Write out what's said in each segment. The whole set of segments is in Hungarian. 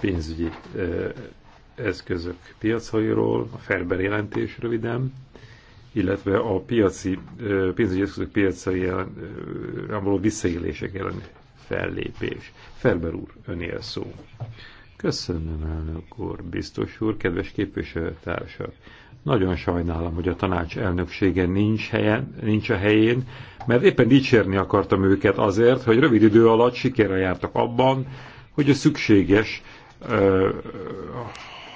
pénzügyi eszközök piacairól, a Ferber jelentés röviden, illetve a piaci, pénzügyi eszközök piacai való visszaélések ellen fellépés. Ferber úr, önél szó. Köszönöm, elnök úr, biztos úr, kedves képviselőtársak. Nagyon sajnálom, hogy a tanács elnöksége nincs, helyen, nincs a helyén, mert éppen dicsérni akartam őket azért, hogy rövid idő alatt sikerre jártak abban, hogy a szükséges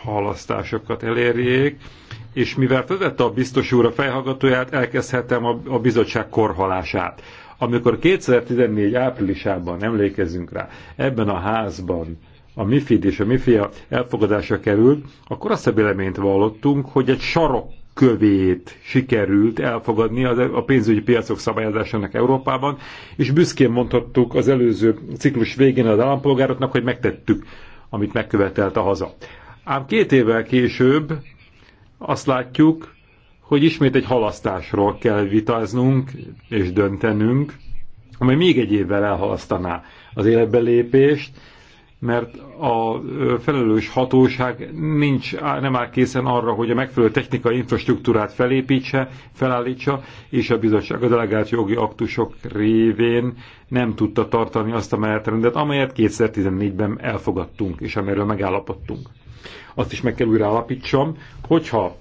halasztásokat elérjék, és mivel felvette a biztos úr a fejhallgatóját, elkezdhetem a, a bizottság korhalását. Amikor 2014 áprilisában emlékezzünk rá, ebben a házban a MIFID és a MIFIA elfogadása került, akkor azt a véleményt vallottunk, hogy egy sarok kövét sikerült elfogadni e- a pénzügyi piacok szabályozásának Európában, és büszkén mondhattuk az előző ciklus végén az állampolgároknak, hogy megtettük amit megkövetelt a haza. Ám két évvel később azt látjuk, hogy ismét egy halasztásról kell vitáznunk és döntenünk, amely még egy évvel elhalasztaná az életbelépést, mert a felelős hatóság nincs, nem áll készen arra, hogy a megfelelő technikai infrastruktúrát felépítse, felállítsa, és a bizottság a delegált jogi aktusok révén nem tudta tartani azt a menetrendet, amelyet 2014-ben elfogadtunk, és amiről megállapodtunk. Azt is meg kell újra állapítsam, hogyha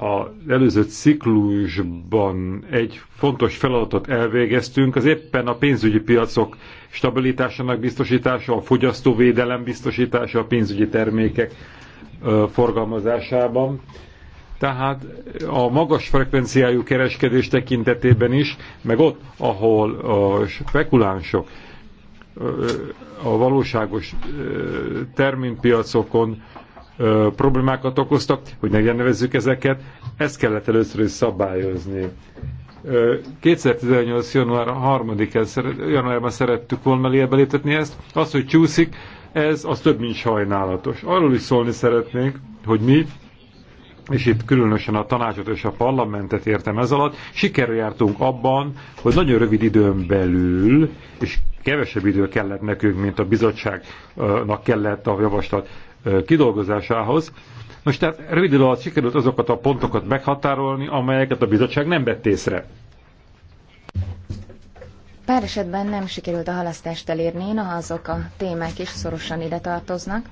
az előző ciklusban egy fontos feladatot elvégeztünk, az éppen a pénzügyi piacok stabilitásának biztosítása, a fogyasztóvédelem biztosítása a pénzügyi termékek forgalmazásában. Tehát a magas frekvenciájú kereskedés tekintetében is, meg ott, ahol a spekulánsok a valóságos terminpiacokon problémákat okoztak, hogy megnevezzük ezeket, ezt kellett először is szabályozni. 2018. január 3-án, januárban szerettük volna léptetni ezt. Az, hogy csúszik, ez az több, mint sajnálatos. Arról is szólni szeretnénk, hogy mi, és itt különösen a tanácsot és a parlamentet értem ez alatt, sikerre jártunk abban, hogy nagyon rövid időn belül, és kevesebb idő kellett nekünk, mint a bizottságnak kellett a javaslat kidolgozásához. Most tehát rövid idő alatt sikerült azokat a pontokat meghatárolni, amelyeket a bizottság nem vett észre. Pár esetben nem sikerült a halasztást elérni, na azok a témák is szorosan ide tartoznak.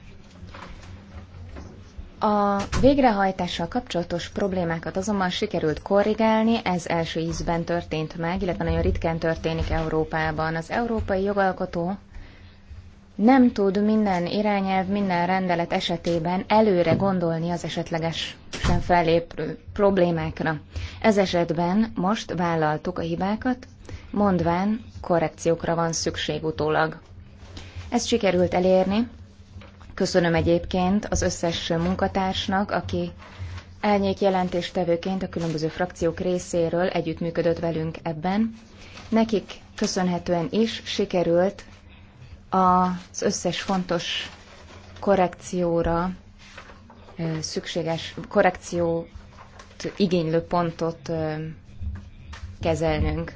A végrehajtással kapcsolatos problémákat azonban sikerült korrigálni, ez első ízben történt meg, illetve nagyon ritkán történik Európában. Az európai jogalkotó nem tud minden irányelv, minden rendelet esetében előre gondolni az esetleges sem fellépő problémákra. Ez esetben most vállaltuk a hibákat, mondván korrekciókra van szükség utólag. Ezt sikerült elérni. Köszönöm egyébként az összes munkatársnak, aki elnyék jelentéstevőként a különböző frakciók részéről együttműködött velünk ebben. Nekik köszönhetően is sikerült az összes fontos korrekcióra szükséges korrekciót igénylő pontot kezelnünk.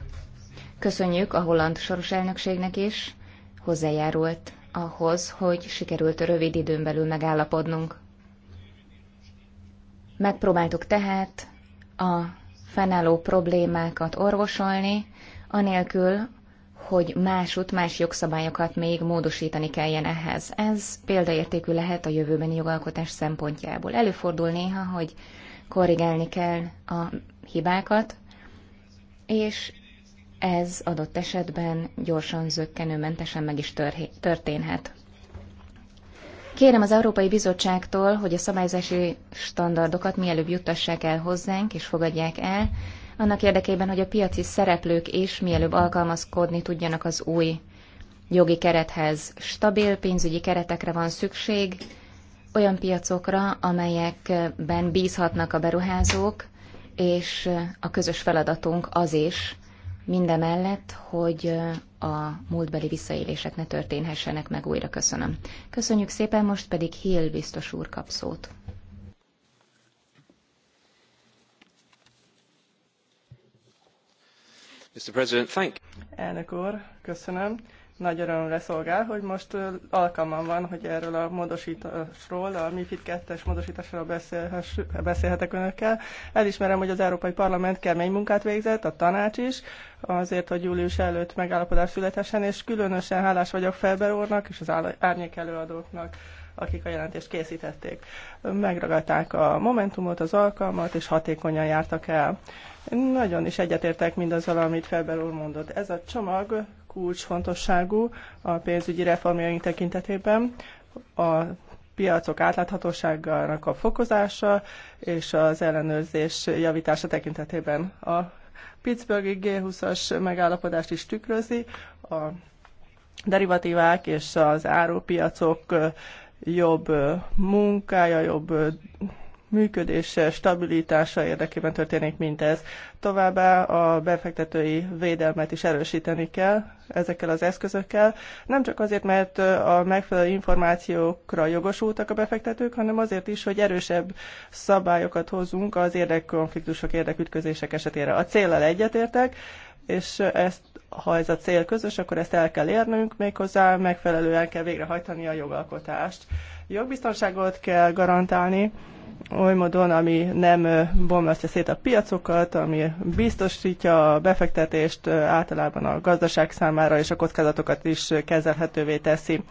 Köszönjük a holland soros elnökségnek is, hozzájárult ahhoz, hogy sikerült rövid időn belül megállapodnunk. Megpróbáltuk tehát a fennálló problémákat orvosolni, anélkül, hogy másút más jogszabályokat még módosítani kelljen ehhez. Ez példaértékű lehet a jövőbeni jogalkotás szempontjából. Előfordul néha, hogy korrigálni kell a hibákat, és ez adott esetben gyorsan, zöggenőmentesen meg is történhet. Kérem az Európai Bizottságtól, hogy a szabályzási standardokat mielőbb juttassák el hozzánk és fogadják el, annak érdekében, hogy a piaci szereplők is mielőbb alkalmazkodni tudjanak az új jogi kerethez. Stabil pénzügyi keretekre van szükség, olyan piacokra, amelyekben bízhatnak a beruházók, és a közös feladatunk az is, mindemellett, hogy a múltbeli visszaélések ne történhessenek meg újra. Köszönöm. Köszönjük szépen, most pedig Hill biztos úr kap szót. Mr. President, thank Elnök úr, köszönöm. Nagy örömre szolgál, hogy most alkalmam van, hogy erről a módosításról, a MIFID 2-es módosításról beszélhetek önökkel. Elismerem, hogy az Európai Parlament kemény munkát végzett, a tanács is, azért, hogy július előtt megállapodás születesen, és különösen hálás vagyok Felber úrnak és az árnyék előadóknak akik a jelentést készítették. Megragadták a momentumot, az alkalmat, és hatékonyan jártak el. Nagyon is egyetértek mindazzal, amit Felber úr mondott. Ez a csomag kulcsfontosságú a pénzügyi reformjaink tekintetében. A piacok átláthatóságának a fokozása és az ellenőrzés javítása tekintetében. A Pittsburghi G20-as megállapodást is tükrözi, a derivatívák és az árupiacok jobb munkája, jobb működése, stabilitása érdekében történik mindez. Továbbá a befektetői védelmet is erősíteni kell ezekkel az eszközökkel, nem csak azért, mert a megfelelő információkra jogosultak a befektetők, hanem azért is, hogy erősebb szabályokat hozunk az érdekkonfliktusok, érdekütközések esetére. A célral egyetértek, és ezt ha ez a cél közös, akkor ezt el kell érnünk méghozzá, megfelelően kell végrehajtani a jogalkotást. Jogbiztonságot kell garantálni, oly módon, ami nem bomlasztja szét a piacokat, ami biztosítja a befektetést általában a gazdaság számára, és a kockázatokat is kezelhetővé teszi.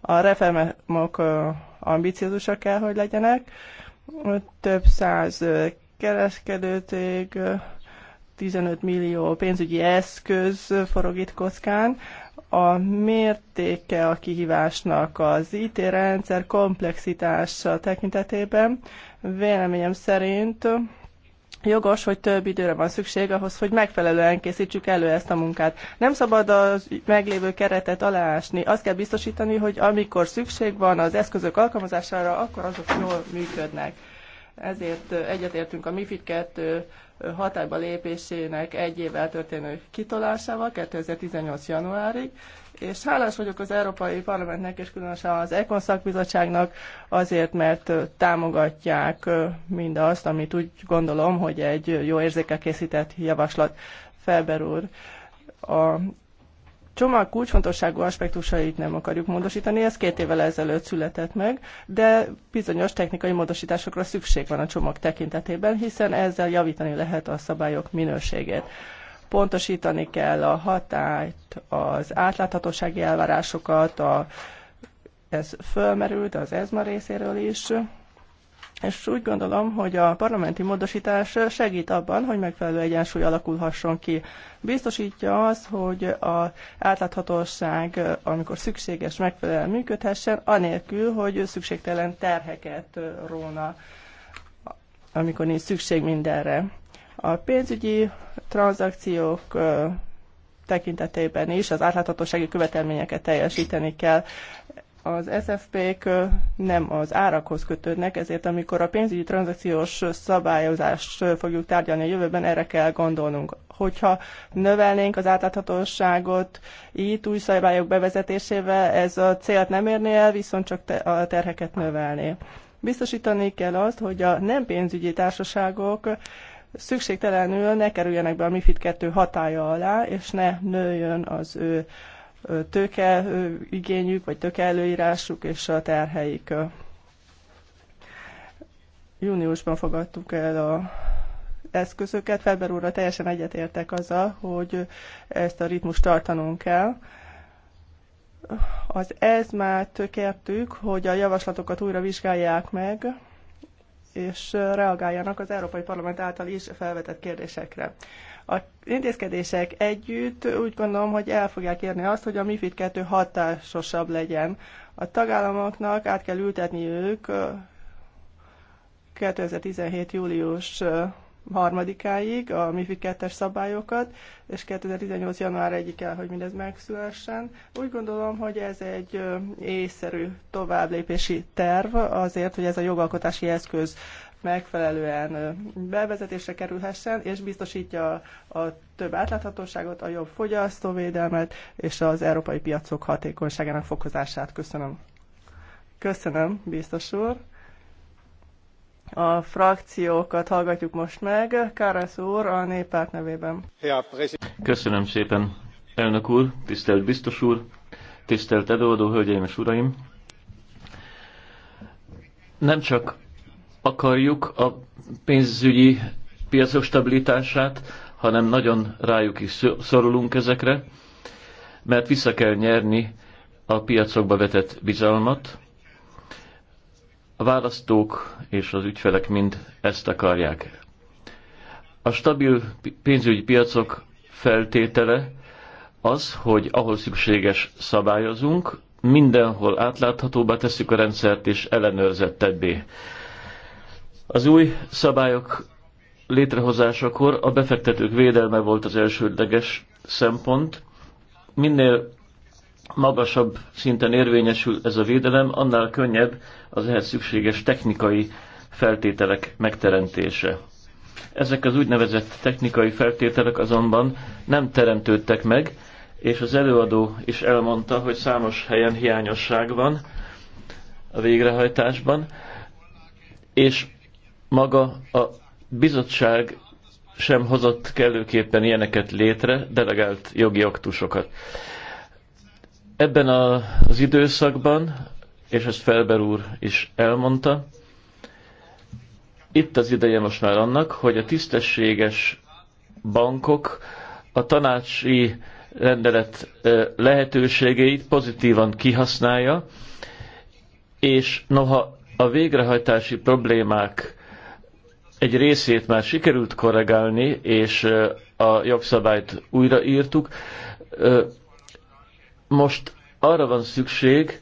A reformok ambiciózusak kell, hogy legyenek. Több száz kereskedőtég 15 millió pénzügyi eszköz forog itt kockán. A mértéke a kihívásnak az IT rendszer komplexitása tekintetében véleményem szerint jogos, hogy több időre van szükség ahhoz, hogy megfelelően készítsük elő ezt a munkát. Nem szabad a meglévő keretet aláásni. Azt kell biztosítani, hogy amikor szükség van az eszközök alkalmazására, akkor azok jól működnek. Ezért egyetértünk a MIFID 2 hatályba lépésének egy évvel történő kitolásával 2018. januárig, és hálás vagyok az Európai Parlamentnek és különösen az Ekon szakbizottságnak azért, mert támogatják mindazt, amit úgy gondolom, hogy egy jó érzékel készített javaslat. Felber úr, a csomag kulcsfontosságú aspektusait nem akarjuk módosítani, ez két évvel ezelőtt született meg, de bizonyos technikai módosításokra szükség van a csomag tekintetében, hiszen ezzel javítani lehet a szabályok minőségét. Pontosítani kell a hatályt, az átláthatósági elvárásokat, a, ez fölmerült az ESMA részéről is, és úgy gondolom, hogy a parlamenti módosítás segít abban, hogy megfelelő egyensúly alakulhasson ki. Biztosítja az, hogy a átláthatóság, amikor szükséges, megfelelően működhessen, anélkül, hogy szükségtelen terheket róna, amikor nincs szükség mindenre. A pénzügyi tranzakciók tekintetében is az átláthatósági követelményeket teljesíteni kell az SFP-k nem az árakhoz kötődnek, ezért amikor a pénzügyi tranzakciós szabályozást fogjuk tárgyalni a jövőben, erre kell gondolnunk. Hogyha növelnénk az átláthatóságot itt új szabályok bevezetésével, ez a célt nem érné el, viszont csak te- a terheket növelné. Biztosítani kell azt, hogy a nem pénzügyi társaságok szükségtelenül ne kerüljenek be a MIFID 2 hatája alá, és ne nőjön az ő tőke igényük, vagy tőke előírásuk és a terheik. Júniusban fogadtuk el a eszközöket. Felber úrra teljesen egyetértek azzal, hogy ezt a ritmus tartanunk kell. Az ezmát kértük, hogy a javaslatokat újra vizsgálják meg, és reagáljanak az Európai Parlament által is felvetett kérdésekre. A intézkedések együtt úgy gondolom, hogy el fogják érni azt, hogy a MIFID 2 hatásosabb legyen. A tagállamoknak át kell ültetni ők 2017. július harmadikáig a MIFI 2 szabályokat, és 2018. január 1 el, hogy mindez megszülessen. Úgy gondolom, hogy ez egy észszerű továbblépési terv azért, hogy ez a jogalkotási eszköz megfelelően bevezetésre kerülhessen, és biztosítja a több átláthatóságot, a jobb fogyasztóvédelmet és az európai piacok hatékonyságának fokozását. Köszönöm. Köszönöm, biztos úr. A frakciókat hallgatjuk most meg. Kárász úr a néppárt nevében. Köszönöm szépen, elnök úr, tisztelt biztos úr, tisztelt előadó, hölgyeim és uraim. Nem csak akarjuk a pénzügyi piacok stabilitását, hanem nagyon rájuk is szorulunk ezekre, mert vissza kell nyerni a piacokba vetett bizalmat, a választók és az ügyfelek mind ezt akarják. A stabil pénzügyi piacok feltétele az, hogy ahol szükséges szabályozunk, mindenhol átláthatóbbá tesszük a rendszert és ellenőrzettebbé. Az új szabályok létrehozásakor a befektetők védelme volt az elsődleges szempont. Minél magasabb szinten érvényesül ez a védelem, annál könnyebb az ehhez szükséges technikai feltételek megteremtése. Ezek az úgynevezett technikai feltételek azonban nem teremtődtek meg, és az előadó is elmondta, hogy számos helyen hiányosság van a végrehajtásban, és maga a bizottság sem hozott kellőképpen ilyeneket létre, delegált jogi aktusokat. Ebben az időszakban, és ezt Felber úr is elmondta, itt az ideje most már annak, hogy a tisztességes bankok a tanácsi rendelet lehetőségeit pozitívan kihasználja, és noha a végrehajtási problémák egy részét már sikerült korrigálni, és a jogszabályt újraírtuk, most arra van szükség,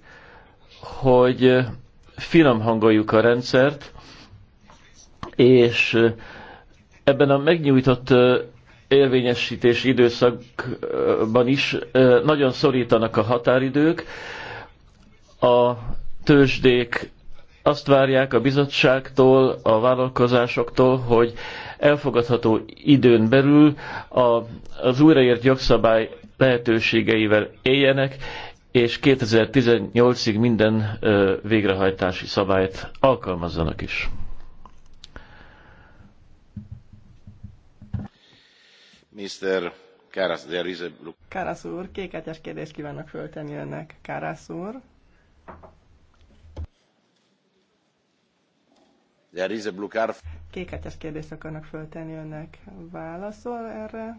hogy finom hangoljuk a rendszert, és ebben a megnyújtott érvényesítés időszakban is nagyon szorítanak a határidők. A tőzsdék azt várják a bizottságtól, a vállalkozásoktól, hogy elfogadható időn belül a, az újraért jogszabály lehetőségeivel éljenek, és 2018-ig minden végrehajtási szabályt alkalmazzanak is. Mr. Kárász, there is a... Kárász úr, kékhátyás kérdést kívánok föltenni önnek. Kárász úr. There is a blue card. Kékhátyás kérdést akarnak föltenni önnek. Válaszol erre?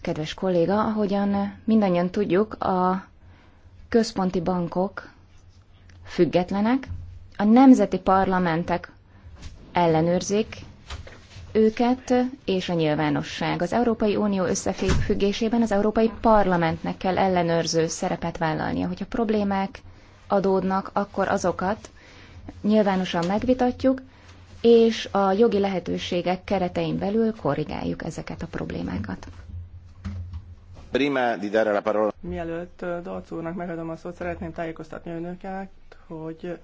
kedves kolléga, ahogyan mindannyian tudjuk, a központi bankok függetlenek, a nemzeti parlamentek ellenőrzik őket és a nyilvánosság. Az Európai Unió összefüggésében az Európai Parlamentnek kell ellenőrző szerepet vállalnia. Hogyha problémák adódnak, akkor azokat nyilvánosan megvitatjuk, és a jogi lehetőségek keretein belül korrigáljuk ezeket a problémákat. Mielőtt eh, Dolc úrnak megadom a szót, szeretném tájékoztatni önöket, hogy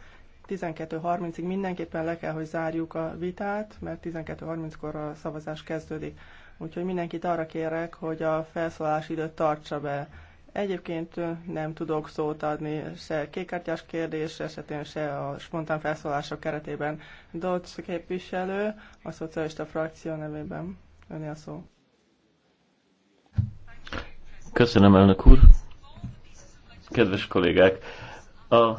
12.30-ig mindenképpen le kell, hogy zárjuk a vitát, mert 12.30-kor a szavazás kezdődik. Úgyhogy mindenkit arra kérek, hogy a felszólás időt tartsa be. Egyébként eh, nem tudok szót adni se kékkártyás kérdés esetén, se a spontán felszólások keretében. Dolcs képviselő a szocialista frakció nevében. Önél szó. Köszönöm, elnök úr. Kedves kollégák, a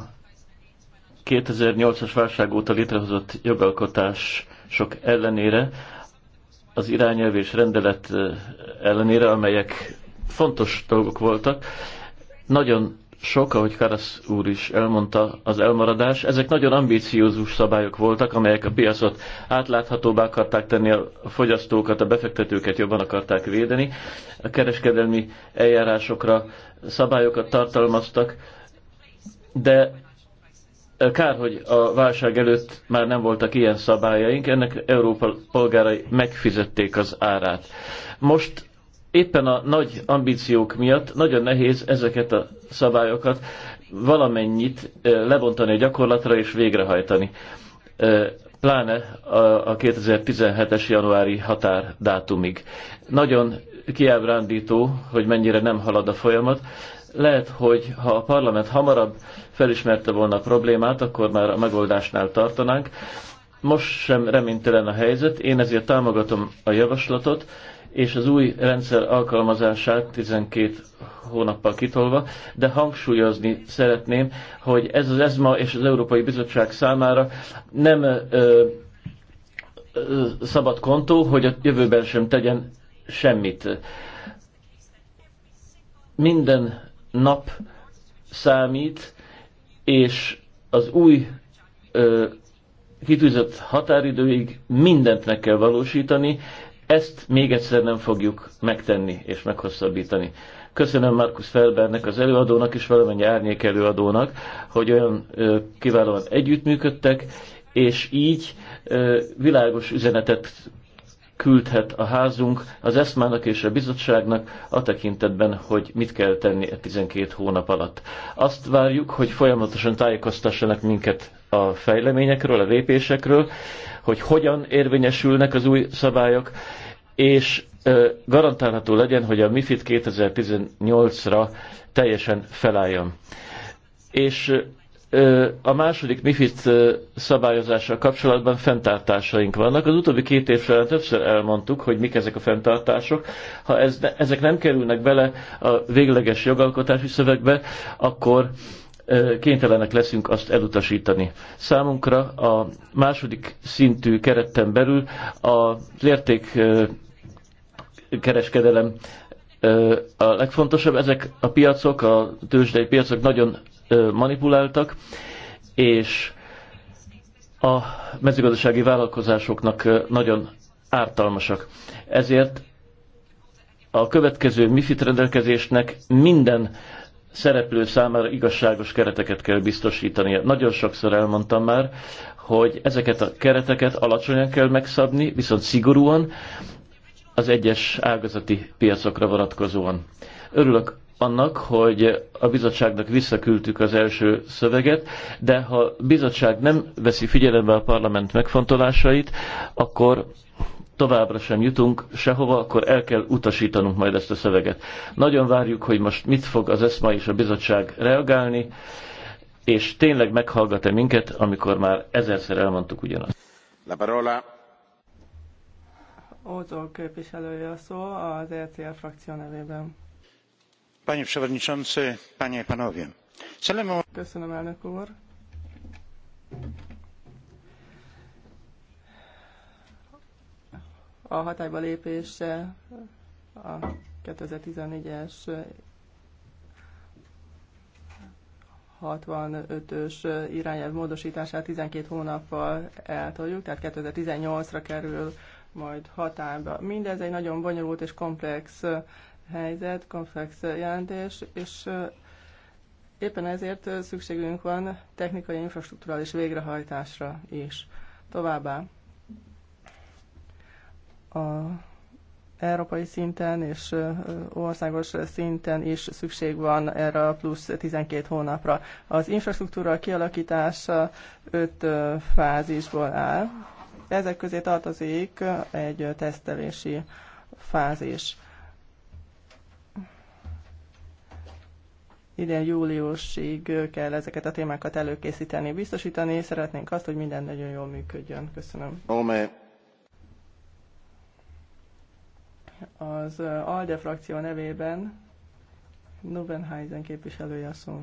2008-as válság óta létrehozott jogalkotás sok ellenére, az irányelv és rendelet eh, ellenére, amelyek fontos dolgok voltak, nagyon sok, ahogy Karasz úr is elmondta, az elmaradás. Ezek nagyon ambíciózus szabályok voltak, amelyek a piacot átláthatóbbá akarták tenni, a fogyasztókat, a befektetőket jobban akarták védeni. A kereskedelmi eljárásokra szabályokat tartalmaztak, de kár, hogy a válság előtt már nem voltak ilyen szabályaink, ennek Európa polgárai megfizették az árát. Most éppen a nagy ambíciók miatt nagyon nehéz ezeket a szabályokat valamennyit lebontani a gyakorlatra és végrehajtani. Pláne a 2017-es januári határ dátumig. Nagyon kiábrándító, hogy mennyire nem halad a folyamat. Lehet, hogy ha a parlament hamarabb felismerte volna a problémát, akkor már a megoldásnál tartanánk. Most sem reménytelen a helyzet, én ezért támogatom a javaslatot, és az új rendszer alkalmazását 12 hónappal kitolva, de hangsúlyozni szeretném, hogy ez az ESMA és az Európai Bizottság számára nem ö, ö, szabad kontó, hogy a jövőben sem tegyen semmit. Minden nap számít, és az új ö, kitűzött határidőig mindent meg kell valósítani, ezt még egyszer nem fogjuk megtenni és meghosszabbítani. Köszönöm Markus Felbernek, az előadónak és valamennyi árnyék előadónak, hogy olyan ö, kiválóan együttműködtek, és így ö, világos üzenetet küldhet a házunk az eszmának és a bizottságnak a tekintetben, hogy mit kell tenni a 12 hónap alatt. Azt várjuk, hogy folyamatosan tájékoztassanak minket a fejleményekről, a lépésekről, hogy hogyan érvényesülnek az új szabályok, és garantálható legyen, hogy a MIFID 2018-ra teljesen felálljon. És a második MIFID szabályozással kapcsolatban fenntartásaink vannak. Az utóbbi két év során többször elmondtuk, hogy mik ezek a fenntartások. Ha ez, ezek nem kerülnek bele a végleges jogalkotási szövegbe, akkor kénytelenek leszünk azt elutasítani. Számunkra a második szintű keretten belül az érték kereskedelem a legfontosabb. Ezek a piacok, a tőzsdei piacok nagyon manipuláltak, és a mezőgazdasági vállalkozásoknak nagyon ártalmasak. Ezért a következő MIFID rendelkezésnek minden szereplő számára igazságos kereteket kell biztosítani. Nagyon sokszor elmondtam már, hogy ezeket a kereteket alacsonyan kell megszabni, viszont szigorúan az egyes ágazati piacokra vonatkozóan. Örülök annak, hogy a bizottságnak visszaküldtük az első szöveget, de ha a bizottság nem veszi figyelembe a parlament megfontolásait, akkor továbbra sem jutunk sehova, akkor el kell utasítanunk majd ezt a szöveget. Nagyon várjuk, hogy most mit fog az ESMA és a bizottság reagálni, és tényleg meghallgat-e minket, amikor már ezerszer elmondtuk ugyanazt. La parola. Ózó képviselője a szó az e RTL frakció nevében. Panie Przewodniczący, Panie Panowie. Köszönöm, elnök úr. a hatályba lépése a 2014-es 65-ös irányelv módosítását 12 hónappal eltoljuk, tehát 2018-ra kerül majd hatályba. Mindez egy nagyon bonyolult és komplex helyzet, komplex jelentés, és éppen ezért szükségünk van technikai infrastruktúrális végrehajtásra is. Továbbá a európai szinten és országos szinten is szükség van erre a plusz 12 hónapra. Az infrastruktúra kialakítása öt fázisból áll. Ezek közé tartozik egy tesztelési fázis. Idén júliusig kell ezeket a témákat előkészíteni, biztosítani. Szeretnénk azt, hogy minden nagyon jól működjön. Köszönöm. Ome. az ALDE frakció nevében Nobenheisen képviselője a szó.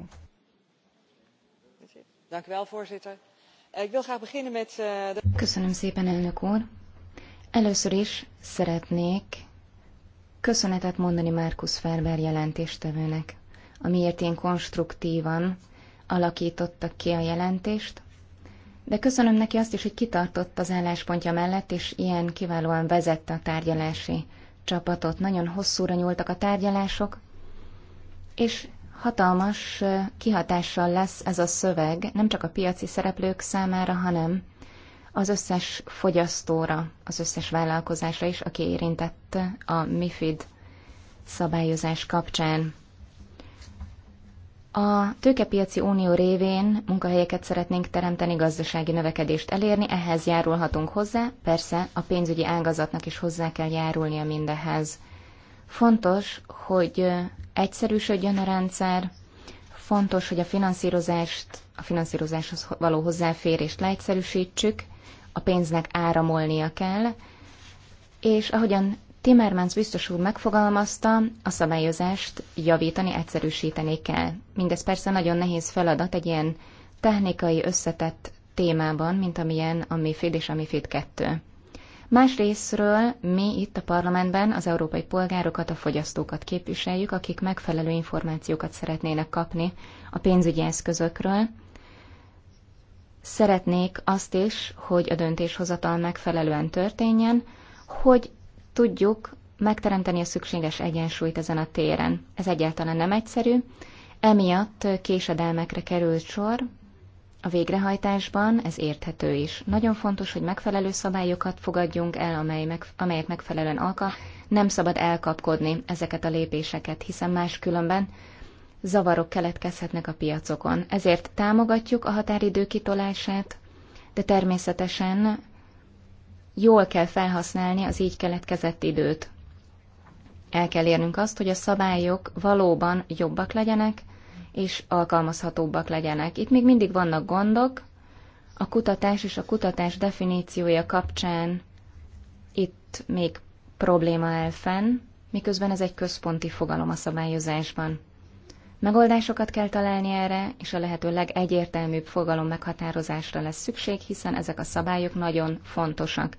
Eh, köszönöm szépen, elnök úr. Először is szeretnék köszönetet mondani Markus Ferber jelentéstevőnek, amiért én konstruktívan alakította ki a jelentést, de köszönöm neki azt is, hogy kitartott az álláspontja mellett, és ilyen kiválóan vezette a tárgyalási csapatot. Nagyon hosszúra nyúltak a tárgyalások, és hatalmas kihatással lesz ez a szöveg nem csak a piaci szereplők számára, hanem az összes fogyasztóra, az összes vállalkozásra is, aki érintett a MIFID szabályozás kapcsán. A tőkepiaci unió révén munkahelyeket szeretnénk teremteni, gazdasági növekedést elérni, ehhez járulhatunk hozzá, persze a pénzügyi ágazatnak is hozzá kell járulnia mindehhez. Fontos, hogy egyszerűsödjön a rendszer, fontos, hogy a finanszírozást, a finanszírozáshoz való hozzáférést leegyszerűsítsük, a pénznek áramolnia kell, és ahogyan Timmermans biztos úr megfogalmazta, a szabályozást javítani, egyszerűsíteni kell. Mindez persze nagyon nehéz feladat egy ilyen technikai összetett témában, mint amilyen a MIFID és a MIFID 2. Másrésztről mi itt a parlamentben az európai polgárokat, a fogyasztókat képviseljük, akik megfelelő információkat szeretnének kapni a pénzügyi eszközökről. Szeretnék azt is, hogy a döntéshozatal megfelelően történjen, hogy tudjuk megteremteni a szükséges egyensúlyt ezen a téren. Ez egyáltalán nem egyszerű, emiatt késedelmekre került sor, a végrehajtásban ez érthető is. Nagyon fontos, hogy megfelelő szabályokat fogadjunk el, amely meg, amelyek megfelelően alkal. Nem szabad elkapkodni ezeket a lépéseket, hiszen máskülönben zavarok keletkezhetnek a piacokon. Ezért támogatjuk a határidő kitolását, de természetesen jól kell felhasználni az így keletkezett időt. El kell érnünk azt, hogy a szabályok valóban jobbak legyenek, és alkalmazhatóbbak legyenek. Itt még mindig vannak gondok, a kutatás és a kutatás definíciója kapcsán itt még probléma el fenn, miközben ez egy központi fogalom a szabályozásban. Megoldásokat kell találni erre, és a lehető legegyértelműbb fogalom meghatározásra lesz szükség, hiszen ezek a szabályok nagyon fontosak.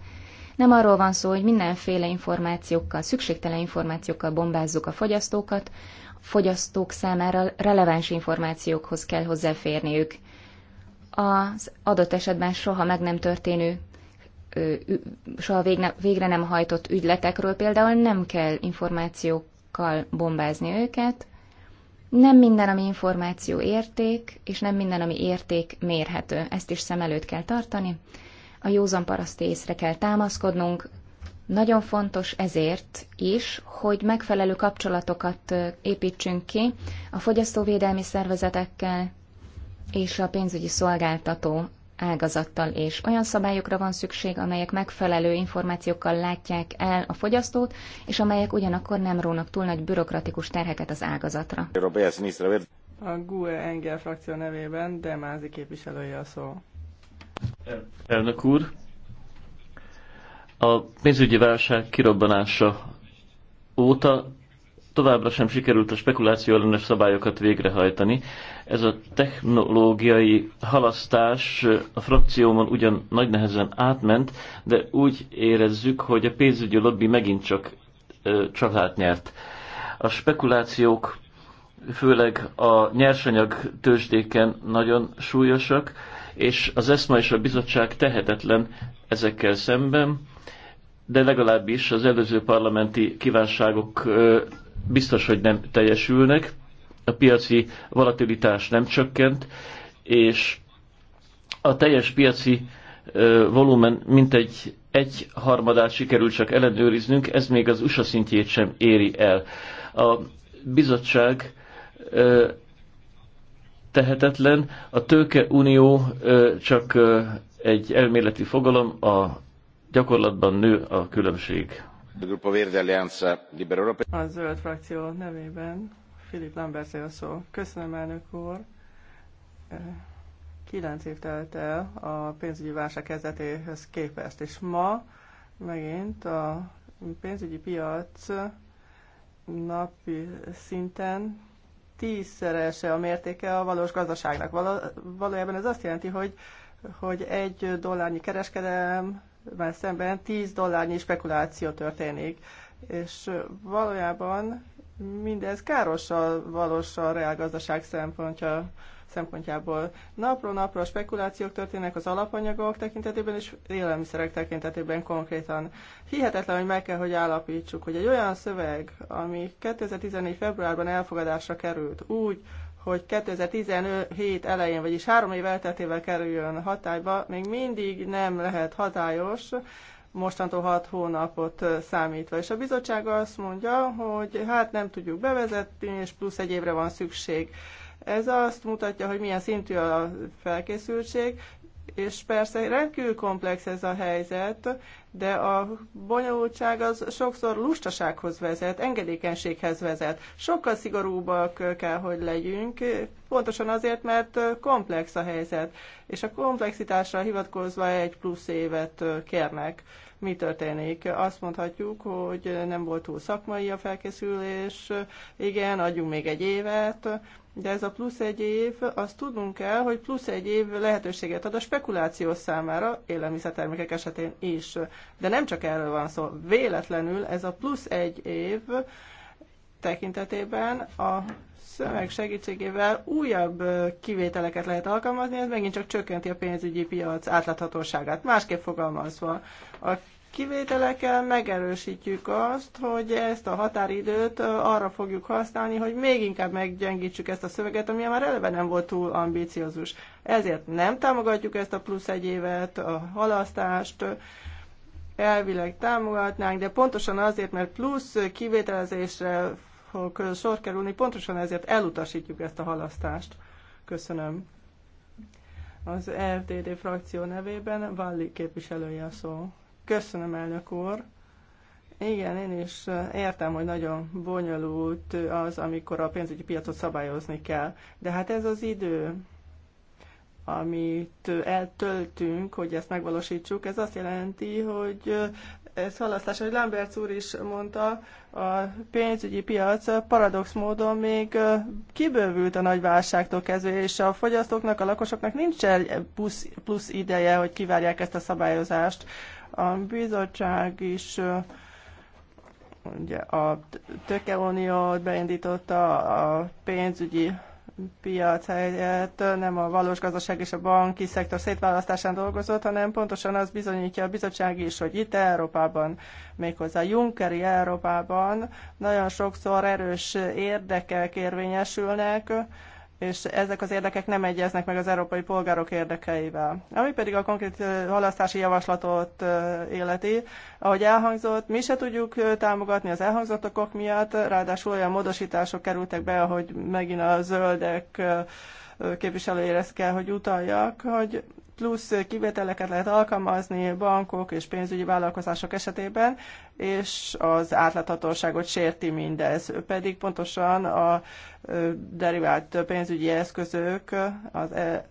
Nem arról van szó, hogy mindenféle információkkal, szükségtelen információkkal bombázzuk a fogyasztókat, a fogyasztók számára releváns információkhoz kell hozzáférniük. Az adott esetben soha meg nem történő soha végre nem hajtott ügyletekről például nem kell információkkal bombázni őket, nem minden, ami információ érték, és nem minden, ami érték mérhető. Ezt is szem előtt kell tartani. A józan paraszti észre kell támaszkodnunk. Nagyon fontos ezért is, hogy megfelelő kapcsolatokat építsünk ki a fogyasztóvédelmi szervezetekkel és a pénzügyi szolgáltató ágazattal, és olyan szabályokra van szükség, amelyek megfelelő információkkal látják el a fogyasztót, és amelyek ugyanakkor nem rónak túl nagy bürokratikus terheket az ágazatra. A GUE Engel frakció nevében Demázi képviselője a szó. Elnök úr, a pénzügyi válság kirobbanása óta továbbra sem sikerült a spekuláció ellenes szabályokat végrehajtani. Ez a technológiai halasztás a frakciómon ugyan nagy nehezen átment, de úgy érezzük, hogy a pénzügyi lobby megint csak csatát nyert. A spekulációk főleg a nyersanyag tőzsdéken nagyon súlyosak, és az ESMA és a bizottság tehetetlen ezekkel szemben, de legalábbis az előző parlamenti kívánságok biztos, hogy nem teljesülnek a piaci volatilitás nem csökkent, és a teljes piaci volumen mintegy egy harmadát sikerült csak ellenőriznünk, ez még az USA szintjét sem éri el. A bizottság tehetetlen, a tőke unió csak egy elméleti fogalom, a gyakorlatban nő a különbség. A zöld frakció nevében Filip Lambert a szó. Köszönöm, elnök úr. Eh, kilenc év telt el a pénzügyi válság kezdetéhez képest, és ma megint a pénzügyi piac napi szinten tízszerese a mértéke a valós gazdaságnak. Valójában ez azt jelenti, hogy, hogy egy dollárnyi kereskedelem mert szemben 10 dollárnyi spekuláció történik. És valójában mindez káros a valós a reálgazdaság szempontja, szempontjából. Napról napra spekulációk történnek az alapanyagok tekintetében és élelmiszerek tekintetében konkrétan. Hihetetlen, hogy meg kell, hogy állapítsuk, hogy egy olyan szöveg, ami 2014. februárban elfogadásra került, úgy, hogy 2017 elején, vagyis három év elteltével kerüljön hatályba, még mindig nem lehet hatályos, mostantól 6 hónapot számítva. És a bizottság azt mondja, hogy hát nem tudjuk bevezetni, és plusz egy évre van szükség. Ez azt mutatja, hogy milyen szintű a felkészültség, és persze rendkívül komplex ez a helyzet, de a bonyolultság az sokszor lustasághoz vezet, engedékenységhez vezet. Sokkal szigorúbbak kell, hogy legyünk, pontosan azért, mert komplex a helyzet, és a komplexitásra hivatkozva egy plusz évet kérnek. Mi történik? Azt mondhatjuk, hogy nem volt túl szakmai a felkészülés, igen, adjunk még egy évet, de ez a plusz egy év, azt tudnunk kell, hogy plusz egy év lehetőséget ad a spekuláció számára, élelmiszertermékek esetén is. De nem csak erről van szó. Véletlenül ez a plusz egy év tekintetében a szöveg segítségével újabb kivételeket lehet alkalmazni, ez megint csak csökkenti a pénzügyi piac átláthatóságát. Másképp fogalmazva, a kivételekkel megerősítjük azt, hogy ezt a határidőt arra fogjuk használni, hogy még inkább meggyengítsük ezt a szöveget, ami már eleve nem volt túl ambiciózus. Ezért nem támogatjuk ezt a plusz egy évet, a halasztást, elvileg támogatnánk, de pontosan azért, mert plusz kivételezésre fog sor kerülni, pontosan ezért elutasítjuk ezt a halasztást. Köszönöm. Az FDD frakció nevében Valli képviselője a szó. Köszönöm, elnök úr. Igen, én is értem, hogy nagyon bonyolult az, amikor a pénzügyi piacot szabályozni kell. De hát ez az idő, amit eltöltünk, hogy ezt megvalósítsuk, ez azt jelenti, hogy ez halasztás, hogy Lambert úr is mondta, a pénzügyi piac paradox módon még kibővült a nagy válságtól kezdve, és a fogyasztóknak, a lakosoknak nincs plusz, plusz ideje, hogy kivárják ezt a szabályozást. A bizottság is ugye a tökeuniót beindította, a pénzügyi piac helyett nem a valós gazdaság és a banki szektor szétválasztásán dolgozott, hanem pontosan az bizonyítja a bizottság is, hogy itt Európában, méghozzá Junckeri Európában nagyon sokszor erős érdekek érvényesülnek, és ezek az érdekek nem egyeznek meg az európai polgárok érdekeivel. Ami pedig a konkrét halasztási javaslatot életi, ahogy elhangzott, mi se tudjuk támogatni az elhangzottakok miatt, ráadásul olyan módosítások kerültek be, ahogy megint a zöldek képviselőjére kell, hogy utaljak, hogy plusz kivételeket lehet alkalmazni bankok és pénzügyi vállalkozások esetében, és az átláthatóságot sérti mindez. Pedig pontosan a derivált pénzügyi eszközök az e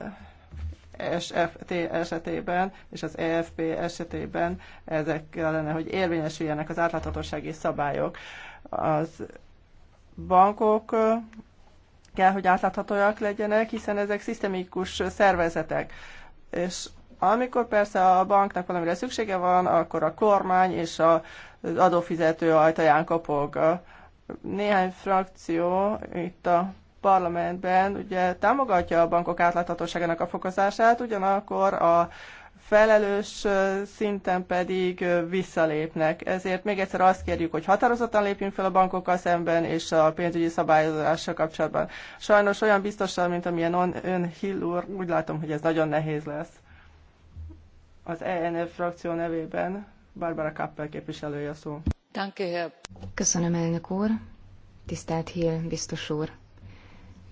SFT esetében és az EFP esetében ezek kellene, hogy érvényesüljenek az átláthatósági szabályok. Az bankok kell, hogy átláthatóak legyenek, hiszen ezek szisztemikus szervezetek és amikor persze a banknak valamire szüksége van, akkor a kormány és az adófizető ajtaján kapog. Néhány frakció itt a parlamentben ugye támogatja a bankok átláthatóságának a fokozását, ugyanakkor a felelős szinten pedig visszalépnek. Ezért még egyszer azt kérjük, hogy határozottan lépjünk fel a bankokkal szemben és a pénzügyi szabályozással kapcsolatban. Sajnos olyan biztosan, mint amilyen on, ön Hill úr, úgy látom, hogy ez nagyon nehéz lesz. Az ENF frakció nevében Barbara Kappel képviselője szó. Köszönöm, elnök úr. Tisztelt Hill, biztos úr.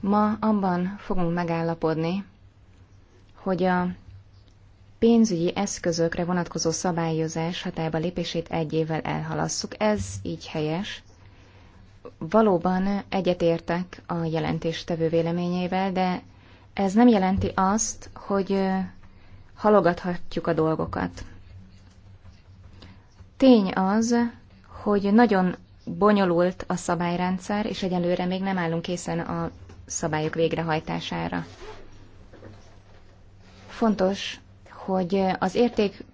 Ma abban fogunk megállapodni, hogy a pénzügyi eszközökre vonatkozó szabályozás hatályba lépését egy évvel elhalasszuk. Ez így helyes. Valóban egyetértek a jelentéstevő véleményével, de ez nem jelenti azt, hogy halogathatjuk a dolgokat. Tény az, hogy nagyon bonyolult a szabályrendszer, és egyelőre még nem állunk készen a szabályok végrehajtására. Fontos hogy az érték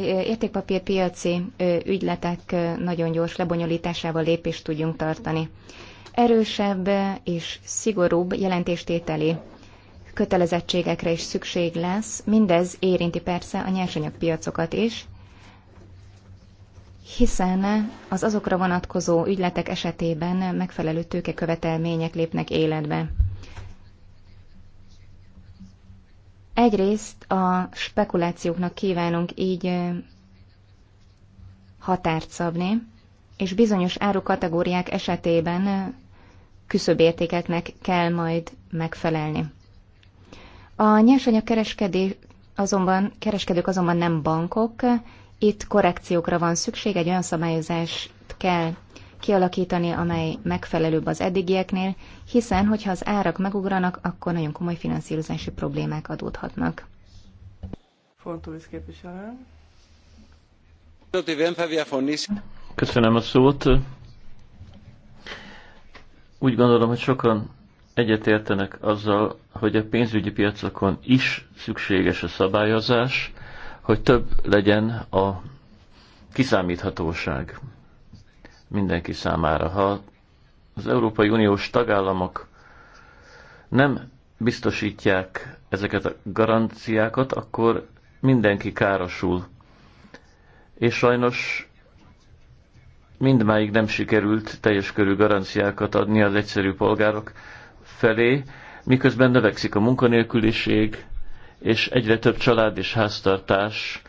értékpapírpiaci ügyletek nagyon gyors lebonyolításával lépést tudjunk tartani. Erősebb és szigorúbb jelentéstételi kötelezettségekre is szükség lesz, mindez érinti persze a nyersanyagpiacokat is, hiszen az azokra vonatkozó ügyletek esetében megfelelő tőkekövetelmények lépnek életbe. Egyrészt a spekulációknak kívánunk így határt szabni, és bizonyos árukategóriák esetében küszöbértékeknek kell majd megfelelni. A nyersanyag kereskedés azonban, kereskedők azonban nem bankok, itt korrekciókra van szükség, egy olyan szabályozást kell kialakítani, amely megfelelőbb az eddigieknél, hiszen hogyha az árak megugranak, akkor nagyon komoly finanszírozási problémák adódhatnak. Fontulis képviselő. Köszönöm a szót. Úgy gondolom, hogy sokan egyetértenek azzal, hogy a pénzügyi piacokon is szükséges a szabályozás, hogy több legyen a kiszámíthatóság mindenki számára. Ha az Európai Uniós tagállamok nem biztosítják ezeket a garanciákat, akkor mindenki károsul. És sajnos mindmáig nem sikerült teljes körű garanciákat adni az egyszerű polgárok felé, miközben növekszik a munkanélküliség, és egyre több család és háztartás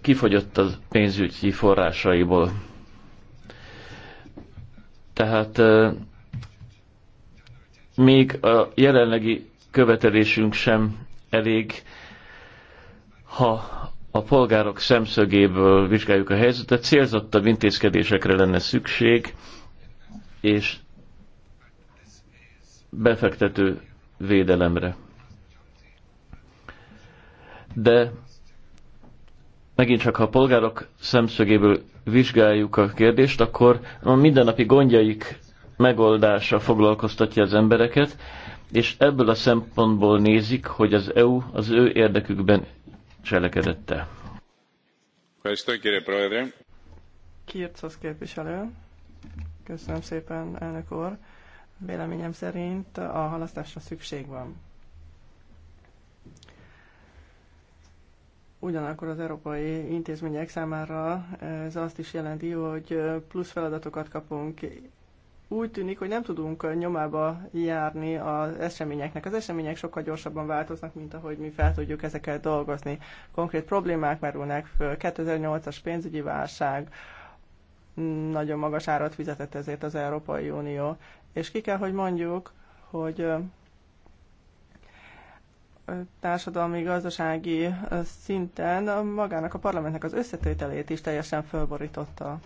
kifogyott a pénzügyi forrásaiból. Tehát még a jelenlegi követelésünk sem elég, ha a polgárok szemszögéből vizsgáljuk a helyzetet, célzottabb intézkedésekre lenne szükség, és befektető védelemre. De megint csak ha a polgárok szemszögéből vizsgáljuk a kérdést, akkor a mindennapi gondjaik megoldása foglalkoztatja az embereket, és ebből a szempontból nézik, hogy az EU az ő érdekükben cselekedette. Kircosz képviselő, köszönöm szépen, elnök úr. Véleményem szerint a halasztásra szükség van Ugyanakkor az európai intézmények számára ez azt is jelenti, hogy plusz feladatokat kapunk. Úgy tűnik, hogy nem tudunk nyomába járni az eseményeknek. Az események sokkal gyorsabban változnak, mint ahogy mi fel tudjuk ezeket dolgozni. Konkrét problémák merülnek föl. 2008-as pénzügyi válság, nagyon magas árat fizetett ezért az Európai Unió. És ki kell, hogy mondjuk, hogy társadalmi, gazdasági szinten magának a parlamentnek az összetételét is teljesen fölborította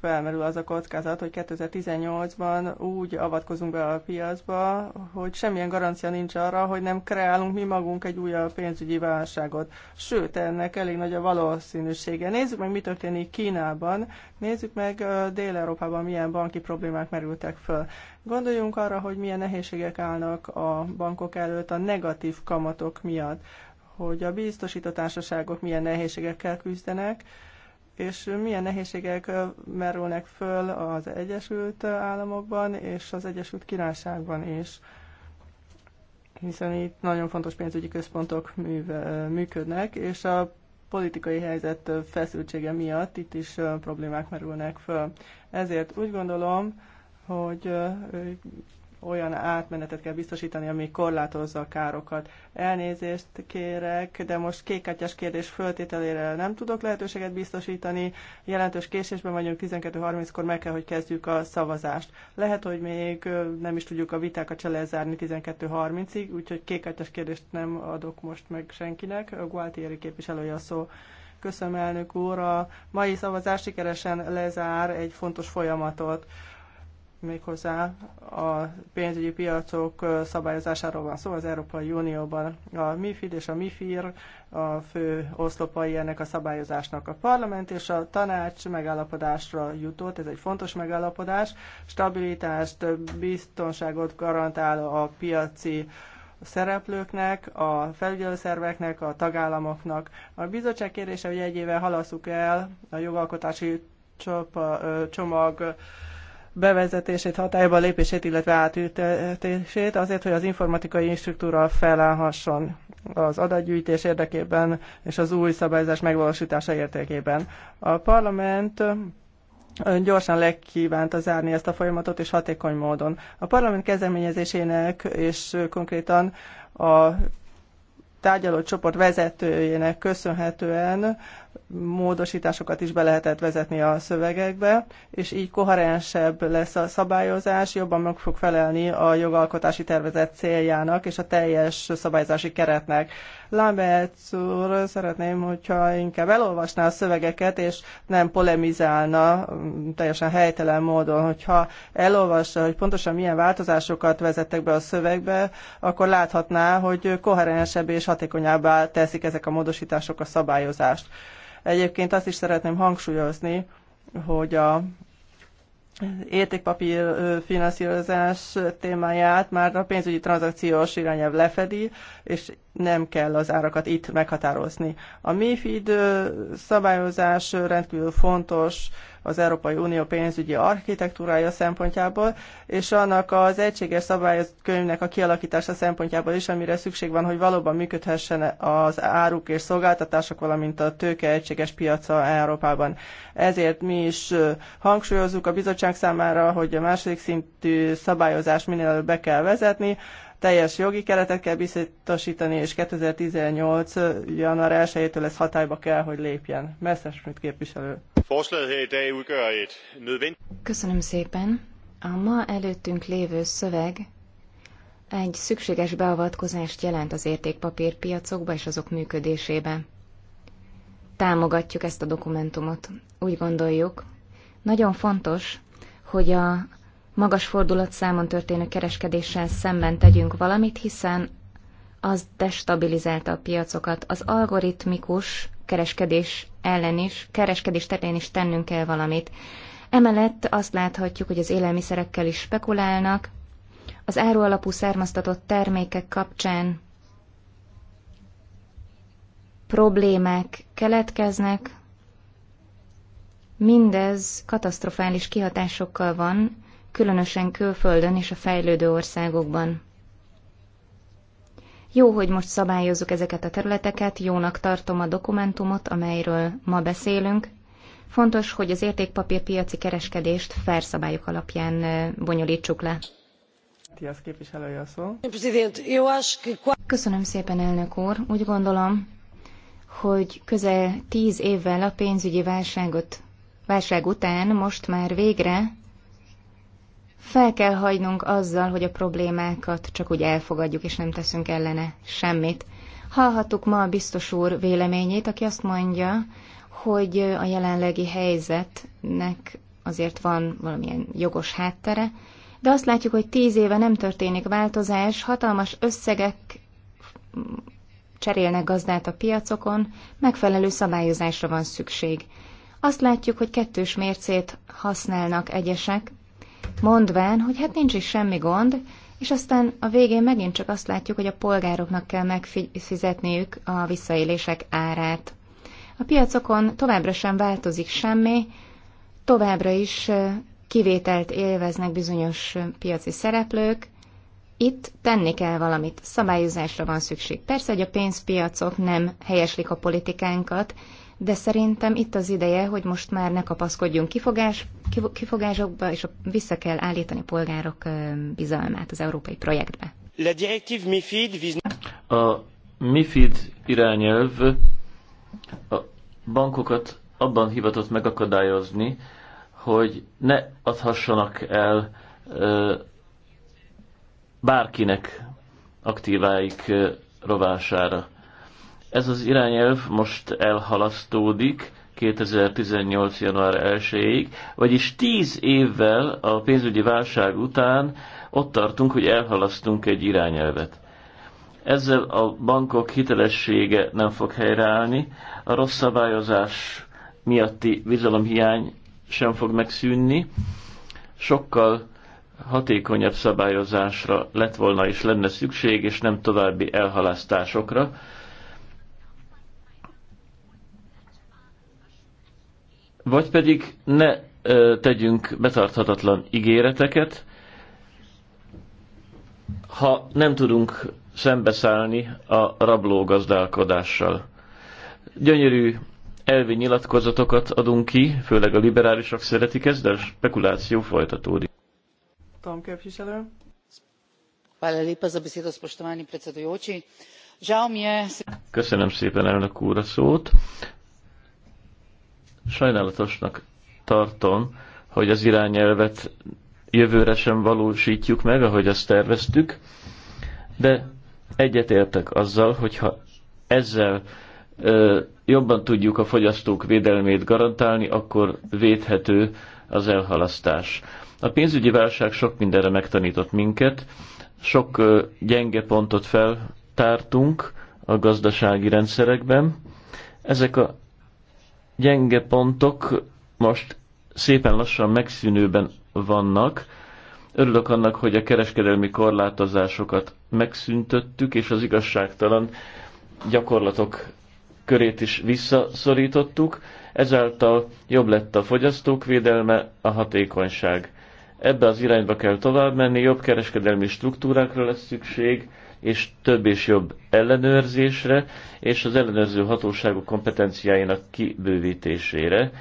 felmerül az a kockázat, hogy 2018-ban úgy avatkozunk be a piacba, hogy semmilyen garancia nincs arra, hogy nem kreálunk mi magunk egy újabb pénzügyi válságot. Sőt, ennek elég nagy a valószínűsége. Nézzük meg, mi történik Kínában, nézzük meg Dél-Európában milyen banki problémák merültek föl. Gondoljunk arra, hogy milyen nehézségek állnak a bankok előtt a negatív kamatok miatt, hogy a biztosító társaságok milyen nehézségekkel küzdenek, és milyen nehézségek merülnek föl az Egyesült Államokban és az Egyesült Királyságban is, hiszen itt nagyon fontos pénzügyi központok műve, működnek, és a politikai helyzet feszültsége miatt itt is problémák merülnek föl. Ezért úgy gondolom, hogy olyan átmenetet kell biztosítani, ami korlátozza a károkat. Elnézést kérek, de most kékkártyás kérdés föltételére nem tudok lehetőséget biztosítani. Jelentős késésben vagyunk, 12.30-kor meg kell, hogy kezdjük a szavazást. Lehet, hogy még nem is tudjuk a vitákat se lezárni 12.30-ig, úgyhogy kékkártyás kérdést nem adok most meg senkinek. A Gualtieri képviselője a szó. Köszönöm, elnök úr. A mai szavazás sikeresen lezár egy fontos folyamatot méghozzá a pénzügyi piacok szabályozásáról van szó az Európai Unióban. A MIFID és a MIFIR a fő oszlopai ennek a szabályozásnak a parlament és a tanács megállapodásra jutott, ez egy fontos megállapodás, stabilitást, biztonságot garantál a piaci szereplőknek, a felügyelőszerveknek, a tagállamoknak. A bizottság kérdése, hogy egy éve halasszuk el a jogalkotási csomag bevezetését, hatályba lépését, illetve átültetését, azért, hogy az informatikai struktúra felállhasson az adatgyűjtés érdekében és az új szabályozás megvalósítása érdekében. A parlament gyorsan legkívánta zárni ezt a folyamatot, és hatékony módon. A parlament kezdeményezésének, és konkrétan a tárgyaló csoport vezetőjének köszönhetően módosításokat is be lehetett vezetni a szövegekbe, és így koherensebb lesz a szabályozás, jobban meg fog felelni a jogalkotási tervezet céljának és a teljes szabályozási keretnek. Lambert úr, szeretném, hogyha inkább elolvasná a szövegeket, és nem polemizálna mm, teljesen helytelen módon. Hogyha elolvassa, hogy pontosan milyen változásokat vezettek be a szövegbe, akkor láthatná, hogy koherensebb és hatékonyabbá teszik ezek a módosítások a szabályozást. Egyébként azt is szeretném hangsúlyozni, hogy a értékpapír finanszírozás témáját már a pénzügyi tranzakciós irányelv lefedi, és nem kell az árakat itt meghatározni. A MIFID szabályozás rendkívül fontos az Európai Unió pénzügyi architektúrája szempontjából, és annak az egységes szabályozkönyvnek a kialakítása szempontjából is, amire szükség van, hogy valóban működhessen az áruk és szolgáltatások, valamint a tőke egységes piaca Európában. Ezért mi is hangsúlyozzuk a bizottság számára, hogy a második szintű szabályozás minél előbb be kell vezetni, teljes jogi keretet kell biztosítani, és 2018. január 1-től ez hatályba kell, hogy lépjen. mint képviselő. Köszönöm szépen. A ma előttünk lévő szöveg egy szükséges beavatkozást jelent az értékpapírpiacokba és azok működésébe. Támogatjuk ezt a dokumentumot. Úgy gondoljuk, nagyon fontos, hogy a magas fordulatszámon történő kereskedéssel szemben tegyünk valamit, hiszen az destabilizálta a piacokat. Az algoritmikus kereskedés ellen is, kereskedés terén is tennünk kell valamit. Emellett azt láthatjuk, hogy az élelmiszerekkel is spekulálnak, az árualapú származtatott termékek kapcsán problémák keletkeznek, mindez katasztrofális kihatásokkal van, különösen külföldön és a fejlődő országokban. Jó, hogy most szabályozzuk ezeket a területeket, jónak tartom a dokumentumot, amelyről ma beszélünk. Fontos, hogy az értékpapírpiaci kereskedést felszabályok alapján bonyolítsuk le. a Köszönöm szépen, elnök úr. Úgy gondolom, hogy közel tíz évvel a pénzügyi válságot, válság után most már végre fel kell hagynunk azzal, hogy a problémákat csak úgy elfogadjuk, és nem teszünk ellene semmit. Hallhattuk ma a biztos úr véleményét, aki azt mondja, hogy a jelenlegi helyzetnek azért van valamilyen jogos háttere, de azt látjuk, hogy tíz éve nem történik változás, hatalmas összegek cserélnek gazdát a piacokon, megfelelő szabályozásra van szükség. Azt látjuk, hogy kettős mércét használnak egyesek, mondván, hogy hát nincs is semmi gond, és aztán a végén megint csak azt látjuk, hogy a polgároknak kell megfizetniük a visszaélések árát. A piacokon továbbra sem változik semmi, továbbra is kivételt élveznek bizonyos piaci szereplők, itt tenni kell valamit, szabályozásra van szükség. Persze, hogy a pénzpiacok nem helyeslik a politikánkat, de szerintem itt az ideje, hogy most már ne kapaszkodjunk kifogás, kifogásokba, és vissza kell állítani polgárok bizalmát az európai projektbe. A MIFID irányelv a bankokat abban hivatott megakadályozni, hogy ne adhassanak el bárkinek aktíváik rovására ez az irányelv most elhalasztódik 2018. január 1-ig, vagyis 10 évvel a pénzügyi válság után ott tartunk, hogy elhalasztunk egy irányelvet. Ezzel a bankok hitelessége nem fog helyreállni, a rossz szabályozás miatti bizalomhiány sem fog megszűnni, sokkal hatékonyabb szabályozásra lett volna és lenne szükség, és nem további elhalasztásokra. vagy pedig ne tegyünk betarthatatlan ígéreteket, ha nem tudunk szembeszállni a rabló gazdálkodással. Gyönyörű elvi nyilatkozatokat adunk ki, főleg a liberálisok szeretik ezt, de a spekuláció folytatódik. Tom képviselő. Hvala lepa za besedo, spoštovani predsedujoči. Žal mi je... Köszönöm szépen elnök úr a szót sajnálatosnak tartom, hogy az irányelvet jövőre sem valósítjuk meg, ahogy azt terveztük, de egyetértek azzal, hogyha ezzel ö, jobban tudjuk a fogyasztók védelmét garantálni, akkor védhető az elhalasztás. A pénzügyi válság sok mindenre megtanított minket, sok ö, gyenge pontot feltártunk a gazdasági rendszerekben. Ezek a gyenge pontok most szépen lassan megszűnőben vannak. Örülök annak, hogy a kereskedelmi korlátozásokat megszüntöttük, és az igazságtalan gyakorlatok körét is visszaszorítottuk. Ezáltal jobb lett a fogyasztók védelme, a hatékonyság. Ebbe az irányba kell tovább menni, jobb kereskedelmi struktúrákra lesz szükség, és több és jobb ellenőrzésre, és az ellenőrző hatóságok kompetenciáinak kibővítésére.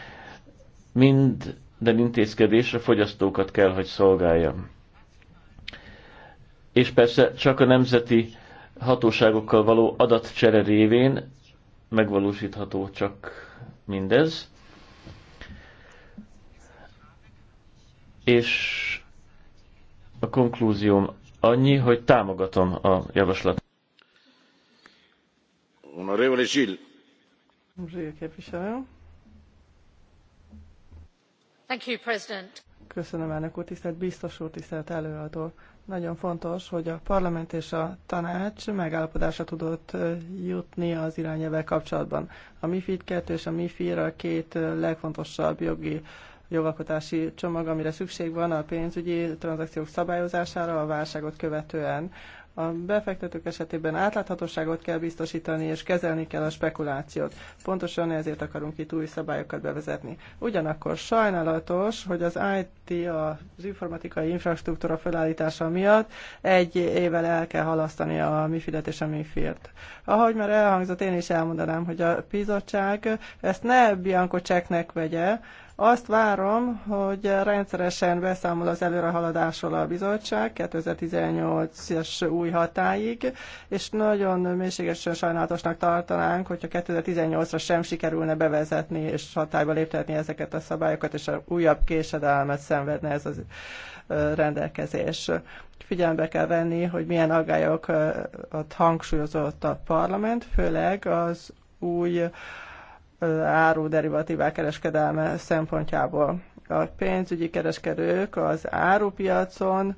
mind, de intézkedésre fogyasztókat kell, hogy szolgáljam. És persze csak a nemzeti hatóságokkal való adatcsere révén megvalósítható csak mindez. És a konklúzióm Annyi, hogy támogatom a javaslat. Honorevole képviselő. Thank you, President. Köszönöm, elnök úr, tisztelt biztos úr, tisztelt előadó. Nagyon fontos, hogy a parlament és a tanács megállapodásra tudott jutni az irányelvvel kapcsolatban. A MIFID 2 és a MIFIR a két legfontosabb jogi jogalkotási csomag, amire szükség van a pénzügyi tranzakciók szabályozására a válságot követően. A befektetők esetében átláthatóságot kell biztosítani, és kezelni kell a spekulációt. Pontosan ezért akarunk itt új szabályokat bevezetni. Ugyanakkor sajnálatos, hogy az IT, az informatikai infrastruktúra felállítása miatt egy évvel el kell halasztani a MIFID-et és a MIFIR-t. Ahogy már elhangzott, én is elmondanám, hogy a bizottság ezt ne Bianco cseknek vegye, azt várom, hogy rendszeresen beszámol az előrehaladásról a bizottság 2018-es új hatáig, és nagyon mélységesen sajnálatosnak tartanánk, hogyha 2018-ra sem sikerülne bevezetni és hatályba léptetni ezeket a szabályokat, és a újabb késedelmet szenvedne ez az rendelkezés. Figyelembe kell venni, hogy milyen aggályokat hangsúlyozott a parlament, főleg az új áru derivatívák kereskedelme szempontjából. A pénzügyi kereskedők az árupiacon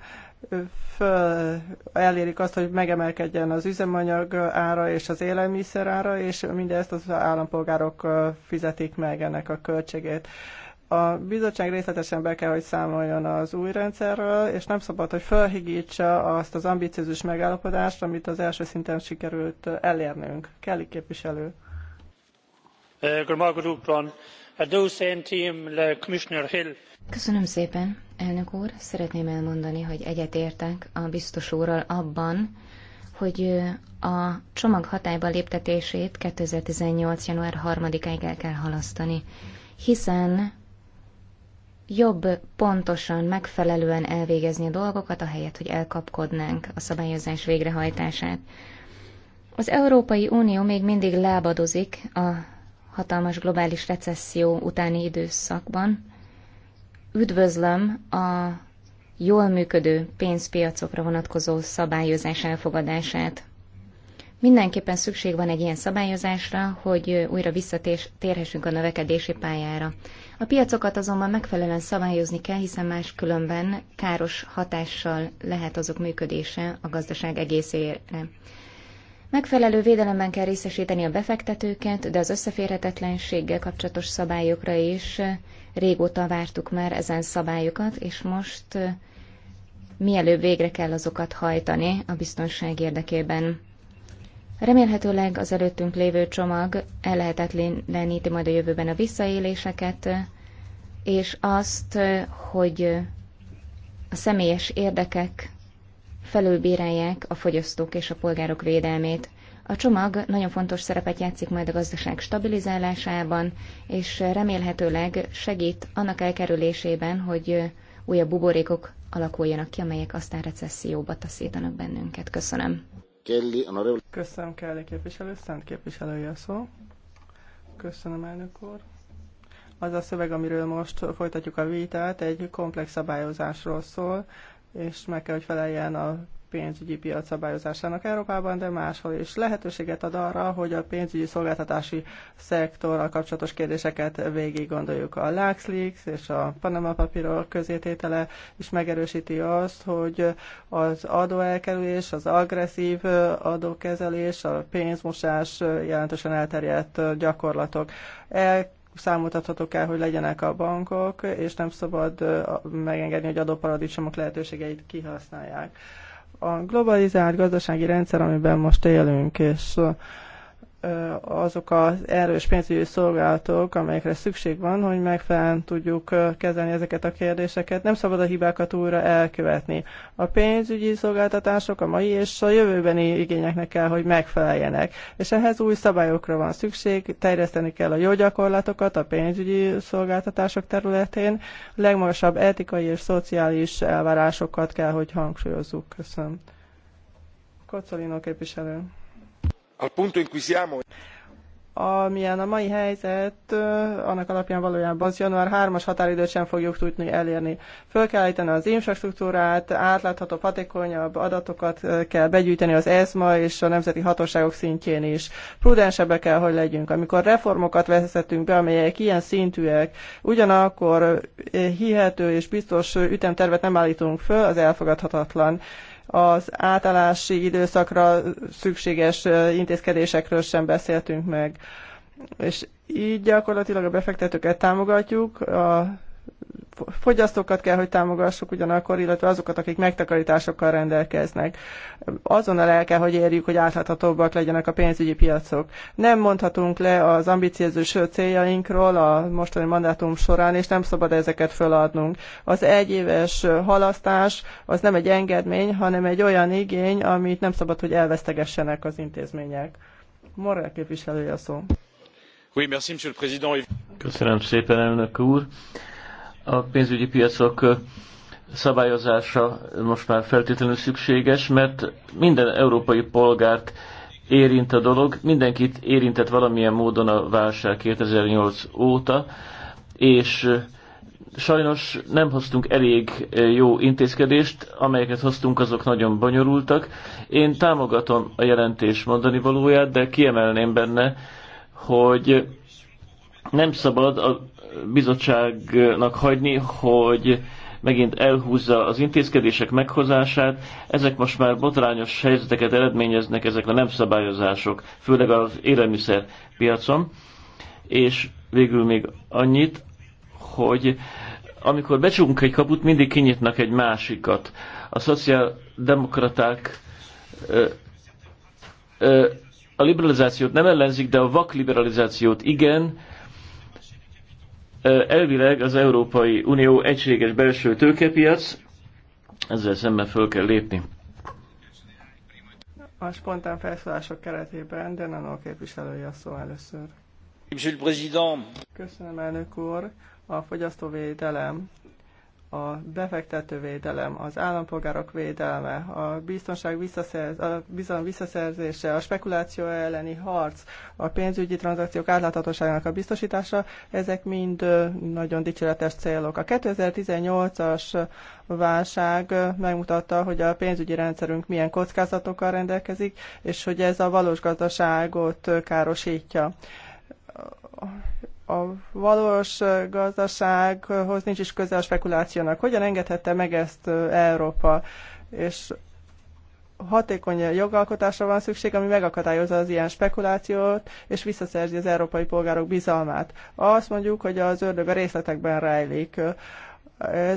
föl, elérik azt, hogy megemelkedjen az üzemanyag ára és az élelmiszer ára, és mindezt az állampolgárok fizetik meg ennek a költségét. A bizottság részletesen be kell, hogy számoljon az új rendszerről, és nem szabad, hogy felhigítsa azt az ambiciózus megállapodást, amit az első szinten sikerült elérnünk. Kelly képviselő. Köszönöm szépen, elnök úr. Szeretném elmondani, hogy egyetértek a biztos úrral abban, hogy a csomag hatályba léptetését 2018. január 3-áig el kell halasztani, hiszen jobb pontosan, megfelelően elvégezni a dolgokat, ahelyett, hogy elkapkodnánk a szabályozás végrehajtását. Az Európai Unió még mindig lábadozik a hatalmas globális recesszió utáni időszakban. Üdvözlöm a jól működő pénzpiacokra vonatkozó szabályozás elfogadását. Mindenképpen szükség van egy ilyen szabályozásra, hogy újra visszatérhessünk a növekedési pályára. A piacokat azonban megfelelően szabályozni kell, hiszen más különben káros hatással lehet azok működése a gazdaság egészére. Megfelelő védelemben kell részesíteni a befektetőket, de az összeférhetetlenséggel kapcsolatos szabályokra is régóta vártuk már ezen szabályokat, és most mielőbb végre kell azokat hajtani a biztonság érdekében. Remélhetőleg az előttünk lévő csomag ellehetetleníti majd a jövőben a visszaéléseket, és azt, hogy a személyes érdekek felülbírálják a fogyasztók és a polgárok védelmét. A csomag nagyon fontos szerepet játszik majd a gazdaság stabilizálásában, és remélhetőleg segít annak elkerülésében, hogy újabb buborékok alakuljanak ki, amelyek aztán recesszióba taszítanak bennünket. Köszönöm. Köszönöm, Kelly képviselő, Szent képviselője a szó. Köszönöm, elnök úr. Az a szöveg, amiről most folytatjuk a vitát, egy komplex szabályozásról szól, és meg kell, hogy feleljen a pénzügyi piac szabályozásának Európában, de máshol is lehetőséget ad arra, hogy a pénzügyi szolgáltatási szektorral kapcsolatos kérdéseket végig gondoljuk. A LuxLeaks és a Panama papírok közététele is megerősíti azt, hogy az adóelkerülés, az agresszív adókezelés, a pénzmosás jelentősen elterjedt gyakorlatok. El számot adhatok el, hogy legyenek a bankok, és nem szabad megengedni, hogy adóparadicsomok lehetőségeit kihasználják. A globalizált gazdasági rendszer, amiben most élünk, és azok az erős pénzügyi szolgálatok, amelyekre szükség van, hogy megfelelően tudjuk kezelni ezeket a kérdéseket. Nem szabad a hibákat újra elkövetni. A pénzügyi szolgáltatások a mai és a jövőbeni igényeknek kell, hogy megfeleljenek. És ehhez új szabályokra van szükség, terjeszteni kell a jó gyakorlatokat a pénzügyi szolgáltatások területén, a legmagasabb etikai és szociális elvárásokat kell, hogy hangsúlyozzuk. Köszönöm. Kocolino képviselő. Amilyen a mai helyzet, annak alapján valójában az január 3-as határidőt sem fogjuk tudni elérni. Föl kell állítani az infrastruktúrát, átláthatóbb, hatékonyabb adatokat kell begyűjteni az ESMA és a nemzeti hatóságok szintjén is. Prudensebbek kell, hogy legyünk. Amikor reformokat vezetünk be, amelyek ilyen szintűek, ugyanakkor hihető és biztos ütemtervet nem állítunk föl, az elfogadhatatlan az átállási időszakra szükséges intézkedésekről sem beszéltünk meg. És így gyakorlatilag a befektetőket támogatjuk, a fogyasztókat kell, hogy támogassuk ugyanakkor, illetve azokat, akik megtakarításokkal rendelkeznek. Azonnal el kell, hogy érjük, hogy átláthatóbbak legyenek a pénzügyi piacok. Nem mondhatunk le az ambiciózus céljainkról a mostani mandátum során, és nem szabad ezeket föladnunk. Az egyéves halasztás az nem egy engedmény, hanem egy olyan igény, amit nem szabad, hogy elvesztegessenek az intézmények. Morel képviselője a szó. Köszönöm szépen, elnök úr a pénzügyi piacok szabályozása most már feltétlenül szükséges, mert minden európai polgárt érint a dolog, mindenkit érintett valamilyen módon a válság 2008 óta, és sajnos nem hoztunk elég jó intézkedést, amelyeket hoztunk, azok nagyon bonyolultak. Én támogatom a jelentés mondani valóját, de kiemelném benne, hogy nem szabad a bizottságnak hagyni, hogy megint elhúzza az intézkedések meghozását. Ezek most már botrányos helyzeteket eredményeznek, ezek a nem szabályozások, főleg az piacon. És végül még annyit, hogy amikor becsukunk egy kaput, mindig kinyitnak egy másikat. A szociáldemokraták ö, ö, a liberalizációt nem ellenzik, de a vakliberalizációt igen, Elvileg az Európai Unió egységes belső tőkepiac, ezzel szemben föl kell lépni. A spontán felszólások keretében Denanó képviselője a szó először. Köszönöm, elnök úr. A fogyasztóvédelem a befektetővédelem, az állampolgárok védelme, a biztonság visszaszerz, a bizalom visszaszerzése, a spekuláció elleni harc, a pénzügyi tranzakciók átláthatóságának a biztosítása, ezek mind nagyon dicséretes célok. A 2018-as válság megmutatta, hogy a pénzügyi rendszerünk milyen kockázatokkal rendelkezik, és hogy ez a valós gazdaságot károsítja a valós gazdasághoz nincs is köze a spekulációnak. Hogyan engedhette meg ezt Európa? És hatékony jogalkotásra van szükség, ami megakadályozza az ilyen spekulációt, és visszaszerzi az európai polgárok bizalmát. Azt mondjuk, hogy az ördög a részletekben rejlik.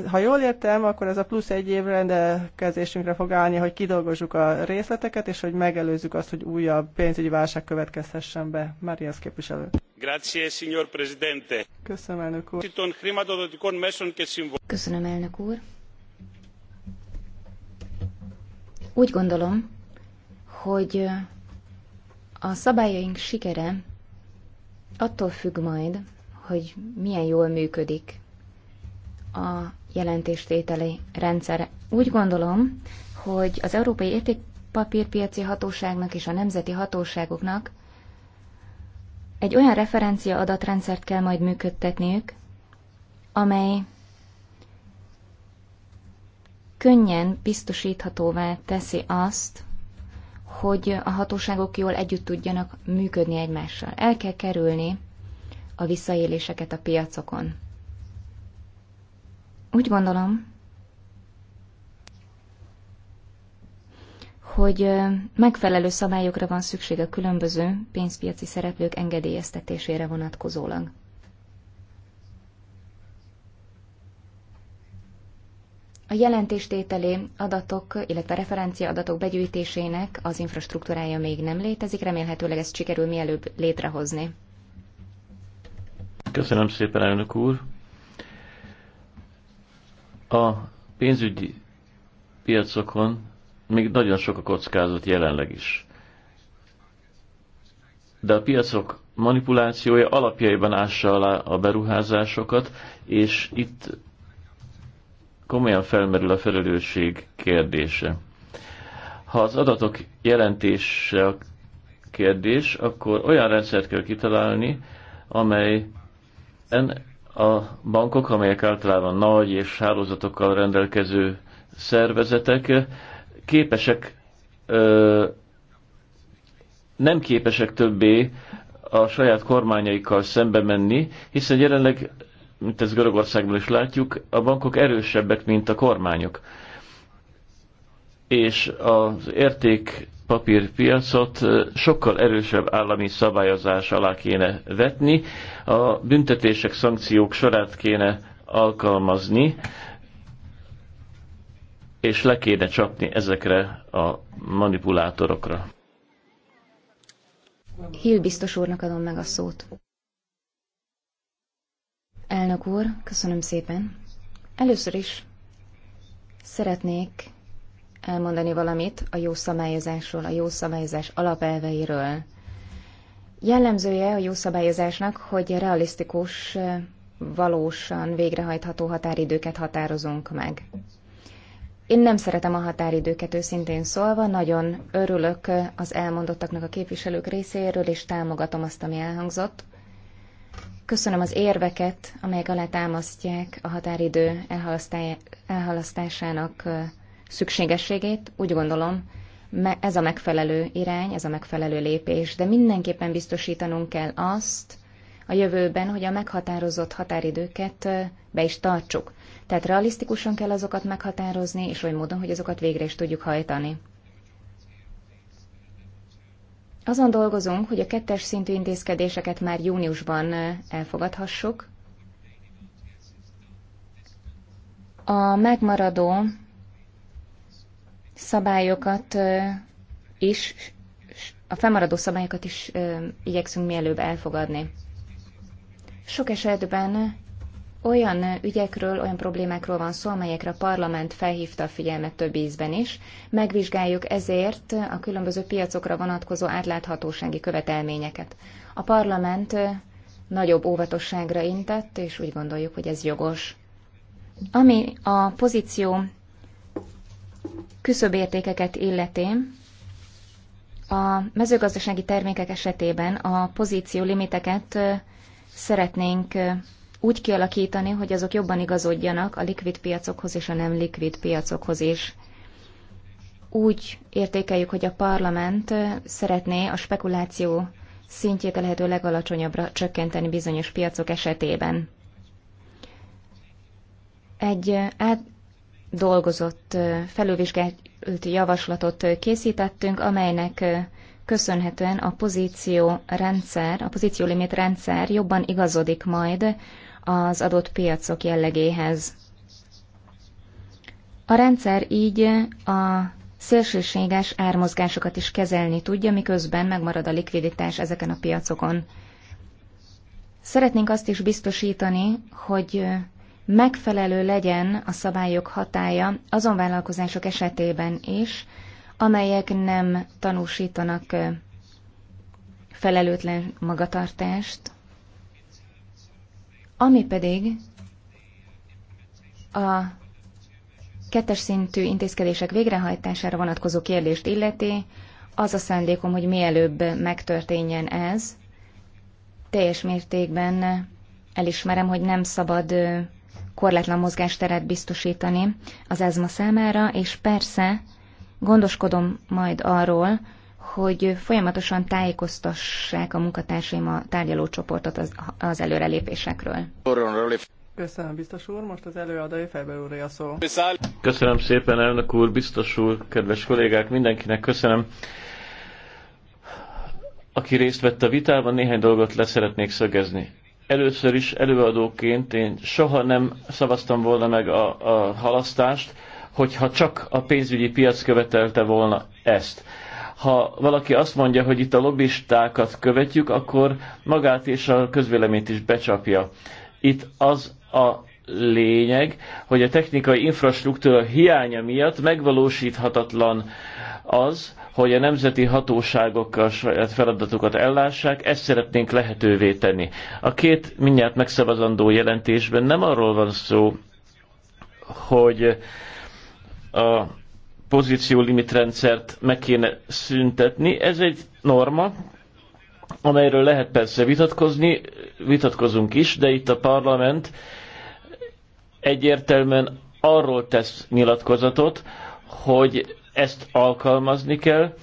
Ha jól értem, akkor ez a plusz egy év rendelkezésünkre fog állni, hogy kidolgozzuk a részleteket, és hogy megelőzzük azt, hogy újabb pénzügyi válság következhessen be. Marias képviselő. Grazie, signor Presidente. Köszönöm, elnök úr. Köszönöm, elnök úr. Úgy gondolom, hogy a szabályaink sikere attól függ majd, hogy milyen jól működik a jelentéstételi rendszer. Úgy gondolom, hogy az Európai Értékpapírpiaci Hatóságnak és a nemzeti hatóságoknak egy olyan referencia adatrendszert kell majd működtetniük, amely könnyen biztosíthatóvá teszi azt, hogy a hatóságok jól együtt tudjanak működni egymással. El kell kerülni a visszaéléseket a piacokon. Úgy gondolom, hogy megfelelő szabályokra van szükség a különböző pénzpiaci szereplők engedélyeztetésére vonatkozólag. A jelentéstételi adatok, illetve referencia adatok begyűjtésének az infrastruktúrája még nem létezik, remélhetőleg ezt sikerül mielőbb létrehozni. Köszönöm szépen, elnök úr! A pénzügyi piacokon még nagyon sok a kockázat jelenleg is. De a piacok manipulációja alapjaiban ássa alá a beruházásokat, és itt komolyan felmerül a felelősség kérdése. Ha az adatok jelentése a kérdés, akkor olyan rendszert kell kitalálni, amely en a bankok, amelyek általában nagy és hálózatokkal rendelkező szervezetek, képesek, ö, nem képesek többé a saját kormányaikkal szembe menni, hiszen jelenleg, mint ezt Görögországban is látjuk, a bankok erősebbek, mint a kormányok. És az érték papírpiacot sokkal erősebb állami szabályozás alá kéne vetni, a büntetések, szankciók sorát kéne alkalmazni, és le kéne csapni ezekre a manipulátorokra. Hill biztos úrnak adom meg a szót. Elnök úr, köszönöm szépen. Először is szeretnék elmondani valamit a jó szabályozásról, a jó szabályozás alapelveiről. Jellemzője a jó szabályozásnak, hogy realisztikus, valósan végrehajtható határidőket határozunk meg. Én nem szeretem a határidőket őszintén szólva, nagyon örülök az elmondottaknak a képviselők részéről, és támogatom azt, ami elhangzott. Köszönöm az érveket, amelyek alátámasztják a határidő elhalasztásának szükségességét, úgy gondolom, ez a megfelelő irány, ez a megfelelő lépés, de mindenképpen biztosítanunk kell azt a jövőben, hogy a meghatározott határidőket be is tartsuk. Tehát realisztikusan kell azokat meghatározni, és oly módon, hogy azokat végre is tudjuk hajtani. Azon dolgozunk, hogy a kettes szintű intézkedéseket már júniusban elfogadhassuk. A megmaradó szabályokat is, a fennmaradó szabályokat is igyekszünk mielőbb elfogadni. Sok esetben olyan ügyekről, olyan problémákról van szó, amelyekre a parlament felhívta a figyelmet több ízben is. Megvizsgáljuk ezért a különböző piacokra vonatkozó átláthatósági követelményeket. A parlament nagyobb óvatosságra intett, és úgy gondoljuk, hogy ez jogos. Ami a pozíció küszöbértékeket illeti, a mezőgazdasági termékek esetében a pozíció limiteket szeretnénk úgy kialakítani, hogy azok jobban igazodjanak a likvid piacokhoz és a nem likvid piacokhoz is. Úgy értékeljük, hogy a parlament szeretné a spekuláció szintjét a lehető legalacsonyabbra csökkenteni bizonyos piacok esetében. Egy át, dolgozott felülvizsgálati javaslatot készítettünk, amelynek köszönhetően a pozíció rendszer, a limit rendszer jobban igazodik majd az adott piacok jellegéhez. A rendszer így a szélsőséges ármozgásokat is kezelni tudja, miközben megmarad a likviditás ezeken a piacokon. Szeretnénk azt is biztosítani, hogy megfelelő legyen a szabályok hatája azon vállalkozások esetében is, amelyek nem tanúsítanak felelőtlen magatartást, ami pedig a kettes szintű intézkedések végrehajtására vonatkozó kérdést illeti, az a szándékom, hogy mielőbb megtörténjen ez. Teljes mértékben elismerem, hogy nem szabad korlátlan mozgásteret biztosítani az ezma számára, és persze gondoskodom majd arról, hogy folyamatosan tájékoztassák a munkatársaim a tárgyalócsoportot az, az előrelépésekről. Köszönöm, biztos úr. Most az előadói Felber a szó. Köszönöm szépen, elnök úr, biztos úr, kedves kollégák, mindenkinek köszönöm. Aki részt vett a vitában, néhány dolgot leszeretnék szögezni először is előadóként én soha nem szavaztam volna meg a, a halasztást, hogyha csak a pénzügyi piac követelte volna ezt. Ha valaki azt mondja, hogy itt a lobbistákat követjük, akkor magát és a közvéleményt is becsapja. Itt az a lényeg, hogy a technikai infrastruktúra hiánya miatt megvalósíthatatlan az, hogy a nemzeti hatóságokkal saját feladatokat ellássák, ezt szeretnénk lehetővé tenni. A két mindjárt megszavazandó jelentésben nem arról van szó, hogy a limitrendszert meg kéne szüntetni. Ez egy norma, amelyről lehet persze vitatkozni, vitatkozunk is, de itt a parlament egyértelműen arról tesz nyilatkozatot, hogy ezt alkalmazni kell,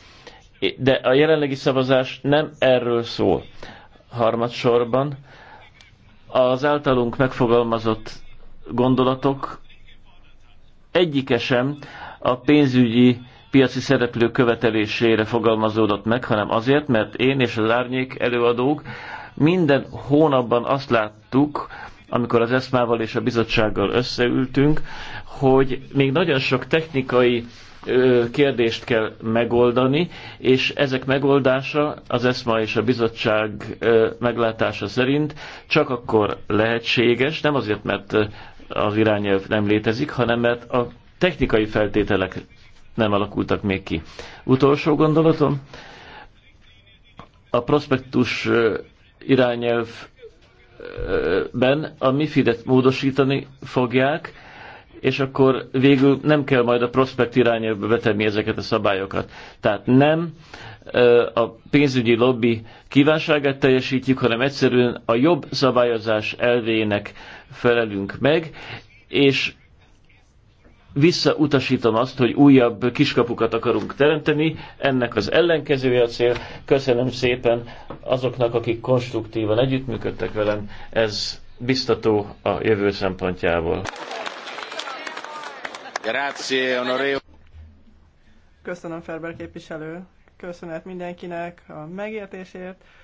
de a jelenlegi szavazás nem erről szól. Harmadsorban az általunk megfogalmazott gondolatok egyike sem a pénzügyi piaci szereplő követelésére fogalmazódott meg, hanem azért, mert én és az árnyék előadók minden hónapban azt láttuk, amikor az eszmával és a bizottsággal összeültünk, hogy még nagyon sok technikai kérdést kell megoldani, és ezek megoldása az ESMA és a bizottság meglátása szerint csak akkor lehetséges, nem azért, mert az irányelv nem létezik, hanem mert a technikai feltételek nem alakultak még ki. Utolsó gondolatom, a prospektus irányelvben a MIFID-et módosítani fogják, és akkor végül nem kell majd a prospekt irányába betenni ezeket a szabályokat. Tehát nem a pénzügyi lobby kívánságát teljesítjük, hanem egyszerűen a jobb szabályozás elvének felelünk meg, és visszautasítom azt, hogy újabb kiskapukat akarunk teremteni, ennek az ellenkezője a cél. Köszönöm szépen azoknak, akik konstruktívan együttműködtek velem, ez biztató a jövő szempontjából. Köszönöm, Ferber képviselő. Köszönet mindenkinek a megértésért.